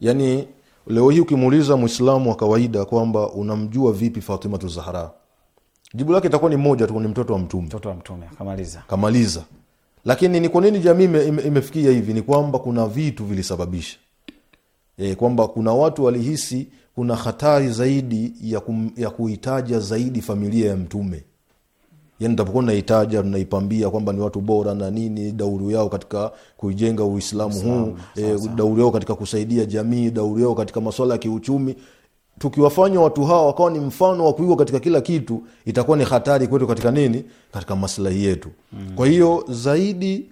Speaker 6: yani Leo hii ukimuuliza Muislamu wa kawaida kwamba unamjua vipi Fatimatu Zahra, jibu lake itakuwa ni moja tu, ni mtoto wa Mtume, mtoto wa Mtume. Kamaliza, kamaliza. Lakini ni kwa nini jamii imefikia hivi? Ni kwamba kuna vitu vilisababisha e, kwamba kuna watu walihisi kuna hatari zaidi ya, kum, ya kuhitaja zaidi familia ya Mtume yani tapokuwa naitaja naipambia kwamba ni watu bora na nini, dauru yao katika kuijenga Uislamu huu e, eh, dauru yao katika kusaidia jamii, dauru yao katika maswala ya kiuchumi tukiwafanya watu hawa wakawa ni mfano wa kuigwa katika kila kitu, itakuwa ni hatari kwetu katika nini, katika maslahi yetu mm. Kwa hiyo zaidi,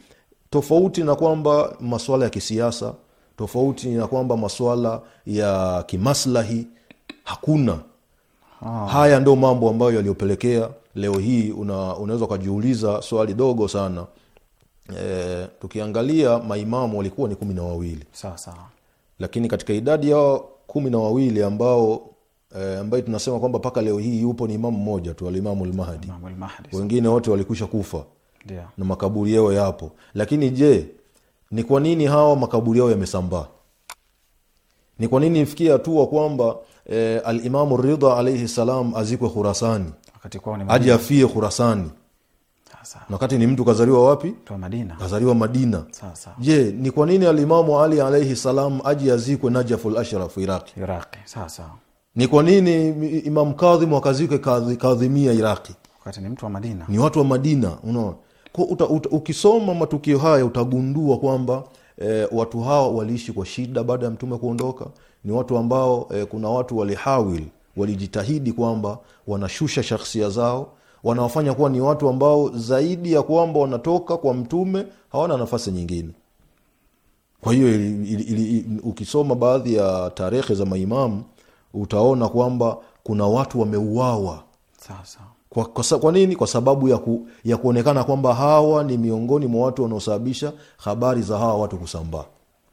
Speaker 6: tofauti na kwamba maswala ya kisiasa, tofauti na kwamba maswala ya kimaslahi, hakuna ah. haya ndo mambo ambayo yaliyopelekea leo hii una, unaweza ukajiuliza swali dogo sana e, tukiangalia maimamu walikuwa ni kumi na wawili sawa sawa lakini katika idadi yao kumi na wawili ambao e, ambayo tunasema kwamba mpaka leo hii yupo ni imamu mmoja tu alimamu lmahdi wengine wote walikwisha kufa Dea. na makaburi yao yapo lakini je ni kwa nini hawa makaburi yao yamesambaa ni kwa nini ifikia hatua kwamba e, eh, alimamu ridha alaihi salam azikwe khurasani aje afie khurasani wakati ni mtu kazaliwa wapi madina. kazaliwa madina je ni kwa nini alimamu ali alaihi salam aje azikwe najafu lashraf iraqi, ni kwa nini imam kadhimu akazikwe kadhimia iraqi ni ni watu wa madina unaona uta, uta, ukisoma matukio haya utagundua kwamba e, watu hawa waliishi kwa shida baada ya mtume kuondoka ni watu ambao e, kuna watu walihawil walijitahidi kwamba wanashusha shakhsia zao wanawafanya kuwa ni watu ambao zaidi ya kwamba wanatoka kwa mtume hawana nafasi nyingine kwa hiyo ukisoma baadhi ya tarehe za maimamu utaona kwamba kuna watu wameuawa kwa, kwa, kwa nini kwa sababu ya, ku, ya kuonekana kwamba hawa ni miongoni mwa watu wanaosababisha habari za hawa watu kusambaa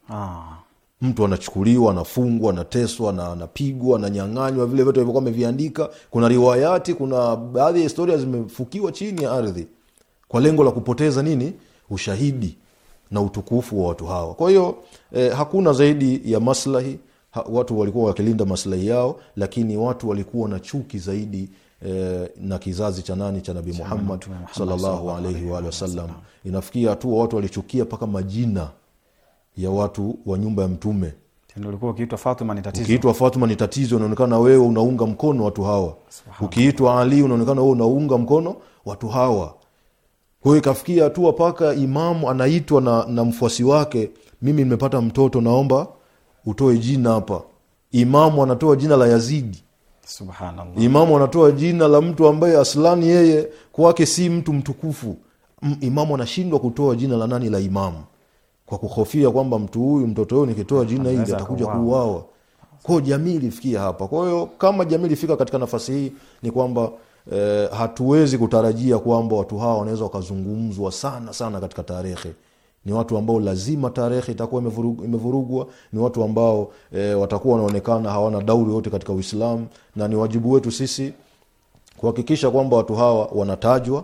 Speaker 6: ah mtu anachukuliwa anafungwa anateswa na anapigwa ananyang'anywa vile vyote alivyokuwa ameviandika kuna riwayati kuna baadhi ya historia zimefukiwa chini ya ardhi kwa lengo la kupoteza nini ushahidi na utukufu wa watu hawa kwa hiyo eh, hakuna zaidi ya maslahi ha, watu walikuwa wakilinda maslahi yao lakini watu walikuwa na chuki zaidi eh, na kizazi cha nani cha nabii muhammad salllahu waalihi wasallam inafikia hatua watu walichukia mpaka majina ya watu wa nyumba ya mtume ukiitwa fatma ni tatizo unaonekana wewe unaunga mkono watu hawa ukiitwa ali unaonekana wewe unaunga mkono watu hawa kwa ikafikia hatua paka imamu anaitwa na, na mfuasi wake mimi nimepata mtoto naomba utoe jina hapa imamu anatoa jina la yazidi imamu anatoa jina la mtu ambaye aslani yeye kwake si mtu mtukufu imamu anashindwa kutoa jina la nani la imamu kwa kuhofia kwamba mtu huyu mtoto huyu nikitoa jina hili atakuja kuuawa. Kwao jamii ilifikia hapa. Kwa hiyo kama jamii ilifika katika nafasi hii, ni kwamba eh, hatuwezi kutarajia kwamba watu hawa wanaweza wakazungumzwa sana sana katika tarehe ni watu ambao lazima tarehe itakuwa imevurugwa. Ni watu ambao e, watakuwa wanaonekana hawana dauri yote katika Uislamu, na ni wajibu wetu sisi kuhakikisha kwamba watu hawa wanatajwa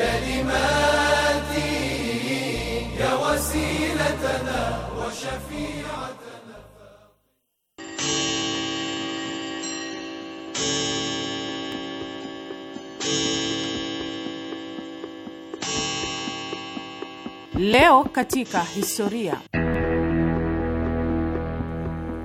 Speaker 1: كلماتي يا وسيلتنا وشفيعتنا
Speaker 6: Leo katika historia.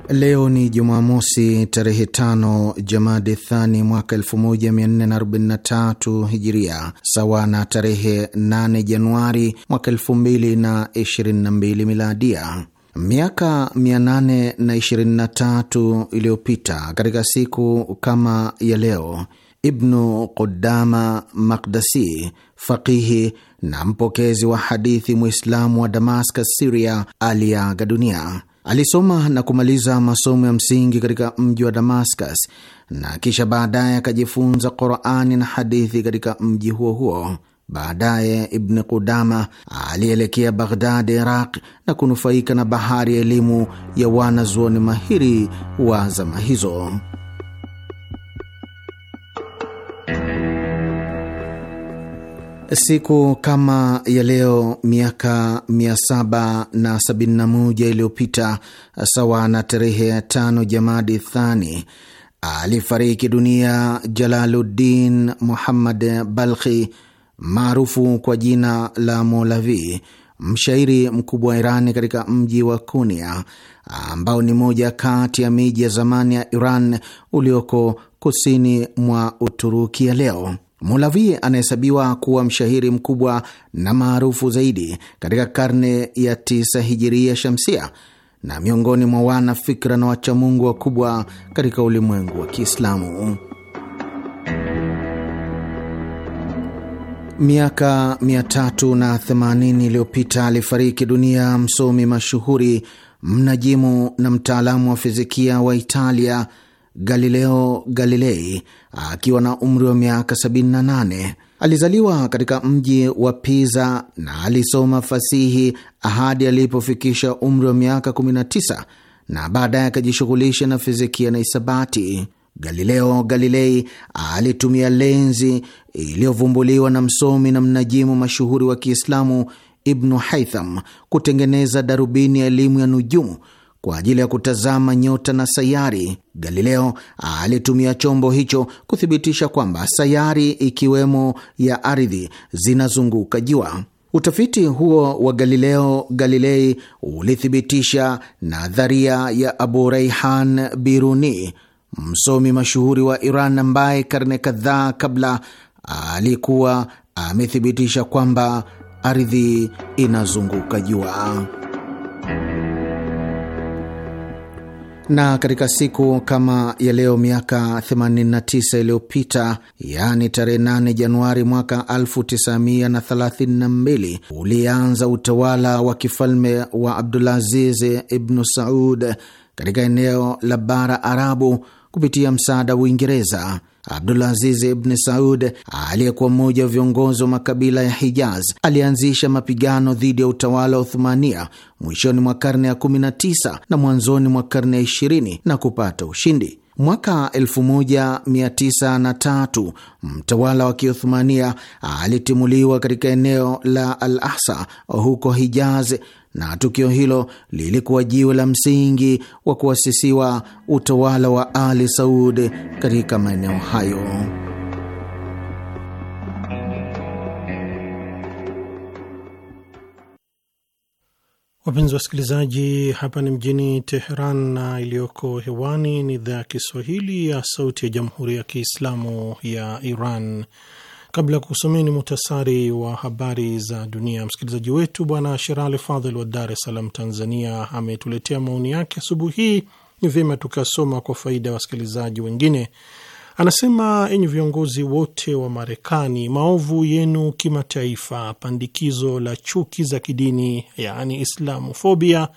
Speaker 4: Leo ni Jumamosi, tarehe tano Jamadi Thani mwaka 1443 Hijiria, sawa na tarehe 8 Januari mwaka 2022 Miladia. Miaka 823 iliyopita katika siku kama ya leo, Ibnu Qudama Makdasi, faqihi na mpokezi wa hadithi Mwislamu wa Damascus, Siria, aliaga dunia. Alisoma na kumaliza masomo ya msingi katika mji wa Damascus na kisha baadaye akajifunza Qurani na hadithi katika mji huo huo. Baadaye Ibni Qudama alielekea Baghdad, Iraq, na kunufaika na bahari ya elimu ya wanazuoni mahiri wa zama hizo. Siku kama ya leo miaka 771 iliyopita, sawa na tarehe ya tano Jamadi Thani, alifariki dunia Jalaluddin Muhammad Balkhi maarufu kwa jina la Molavi, mshairi mkubwa wa Irani katika mji wa Konya ambao ni moja kati ya miji ya zamani ya Iran ulioko kusini mwa Uturuki ya leo. Mulavi anahesabiwa kuwa mshahiri mkubwa na maarufu zaidi katika karne ya tisa hijiria shamsia na miongoni mwa wana fikra na wachamungu wakubwa katika ulimwengu wa Kiislamu. Miaka 380 iliyopita alifariki dunia msomi mashuhuri, mnajimu na mtaalamu wa fizikia wa Italia Galileo Galilei akiwa na umri wa miaka 78 alizaliwa katika mji wa Pisa na alisoma fasihi hadi alipofikisha umri wa miaka 19 na baadaye akajishughulisha na fizikia na hisabati. Galileo Galilei alitumia lenzi iliyovumbuliwa na msomi na mnajimu mashuhuri wa Kiislamu Ibnu Haytham kutengeneza darubini ya elimu ya nujumu kwa ajili ya kutazama nyota na sayari. Galileo alitumia chombo hicho kuthibitisha kwamba sayari ikiwemo ya ardhi zinazunguka jua. Utafiti huo wa Galileo Galilei ulithibitisha nadharia ya Abu Raihan Biruni, msomi mashuhuri wa Iran ambaye karne kadhaa kabla alikuwa amethibitisha kwamba ardhi inazunguka jua na katika siku kama ya leo miaka 89 iliyopita, yaani tarehe 8 Januari mwaka 1932 ulianza utawala wa kifalme wa Abdulaziz Ibnu Saud katika eneo la bara Arabu kupitia msaada wa Uingereza. Abdulaziz Ibn Saud aliyekuwa mmoja wa viongozi wa makabila ya Hijaz alianzisha mapigano dhidi ya utawala wa Uthumania mwishoni mwa karne ya 19 na mwanzoni mwa karne ya 20 na kupata ushindi. Mwaka 1903 mtawala wa Kiuthmania alitimuliwa katika eneo la Al Ahsa huko Hijaz na tukio hilo lilikuwa jiwe la msingi wa kuasisiwa utawala wa Ali Saud katika maeneo hayo.
Speaker 2: Wapenzi wasikilizaji, hapa ni mjini Teheran na iliyoko hewani ni idhaa ya Kiswahili ya Sauti ya Jamhuri ya Kiislamu ya Iran. Kabla ya kusomeni muhtasari wa habari za dunia, msikilizaji wetu Bwana Sherali Fadhil wa Dar es Salaam, Tanzania, ametuletea maoni yake asubuhi hii. Ni vyema tukasoma kwa faida ya wasikilizaji wengine. Anasema, enyi viongozi wote wa Marekani, maovu yenu kimataifa, pandikizo la chuki za kidini, yaani islamofobia,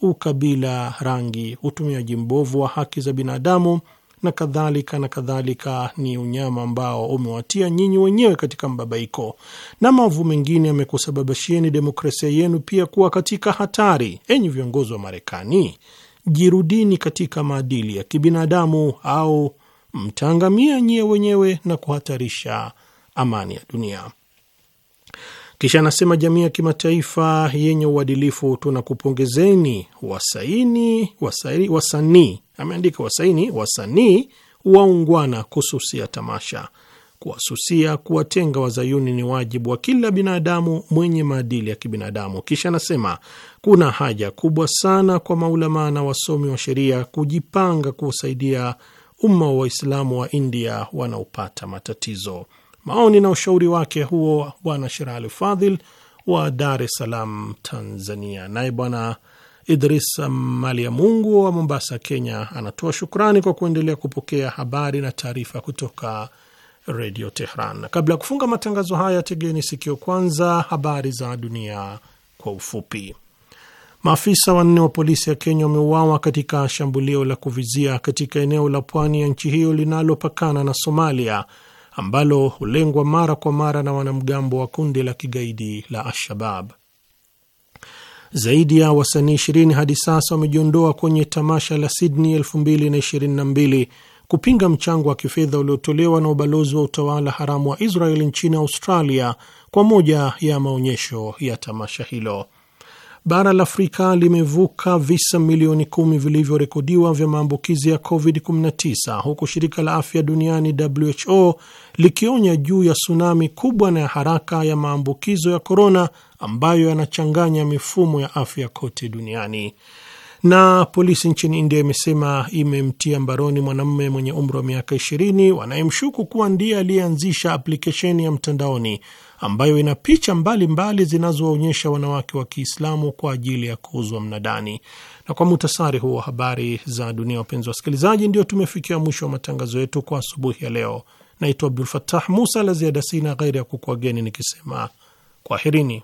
Speaker 2: ukabila, rangi, utumiaji mbovu wa haki za binadamu na kadhalika na kadhalika, ni unyama ambao umewatia nyinyi wenyewe katika mbabaiko, na maovu mengine yamekusababishieni demokrasia yenu pia kuwa katika hatari. Enyi viongozi wa Marekani, jirudini katika maadili ya kibinadamu au mtaangamia nyie wenyewe na kuhatarisha amani ya dunia. Kisha anasema jamii ya kimataifa yenye uadilifu, tunakupongezeni wasaini wasanii Ameandika wasaini wasanii waungwana kususia tamasha, kuwasusia, kuwatenga wazayuni ni wajibu wa kila binadamu mwenye maadili ya kibinadamu. Kisha anasema kuna haja kubwa sana kwa maulamaa na wasomi wa sheria kujipanga kuwasaidia umma wa Waislamu wa India wanaopata matatizo. Maoni na ushauri wake huo, Bwana Sherali Fadhil wa Dar es Salaam, Tanzania. Naye Bwana Idris Maliamungu wa Mombasa, Kenya, anatoa shukrani kwa kuendelea kupokea habari na taarifa kutoka Redio Tehran. Kabla ya kufunga matangazo haya, tegeni sikio kwanza habari za dunia kwa ufupi. Maafisa wanne wa polisi ya Kenya wameuawa katika shambulio la kuvizia katika eneo la pwani ya nchi hiyo linalopakana na Somalia, ambalo hulengwa mara kwa mara na wanamgambo wa kundi la kigaidi la Al-Shabab. Zaidi ya wasanii 20 hadi sasa wamejiondoa kwenye tamasha la Sydney mbili kupinga mchango wa kifedha uliotolewa na ubalozi wa utawala haramu wa Israeli nchini Australia kwa moja ya maonyesho ya tamasha hilo bara la Afrika limevuka visa milioni kumi vilivyorekodiwa vya maambukizi ya COVID-19 huku shirika la afya duniani WHO likionya juu ya tsunami kubwa na ya haraka ya maambukizo ya korona ambayo yanachanganya mifumo ya afya kote duniani. Na polisi nchini India imesema imemtia mbaroni mwanamume mwenye umri wa miaka 20 wanayemshuku kuwa ndiye aliyeanzisha aplikesheni ya mtandaoni ambayo ina picha mbalimbali zinazoonyesha wanawake wa Kiislamu kwa ajili ya kuuzwa mnadani. Na kwa muhtasari huu wa habari za dunia, wapenzi wasikilizaji, ndio tumefikia mwisho wa matangazo yetu kwa asubuhi ya leo. Naitwa Abdul fatah Musa. La ziada sina ghairi ya kukuageni nikisema kwaherini.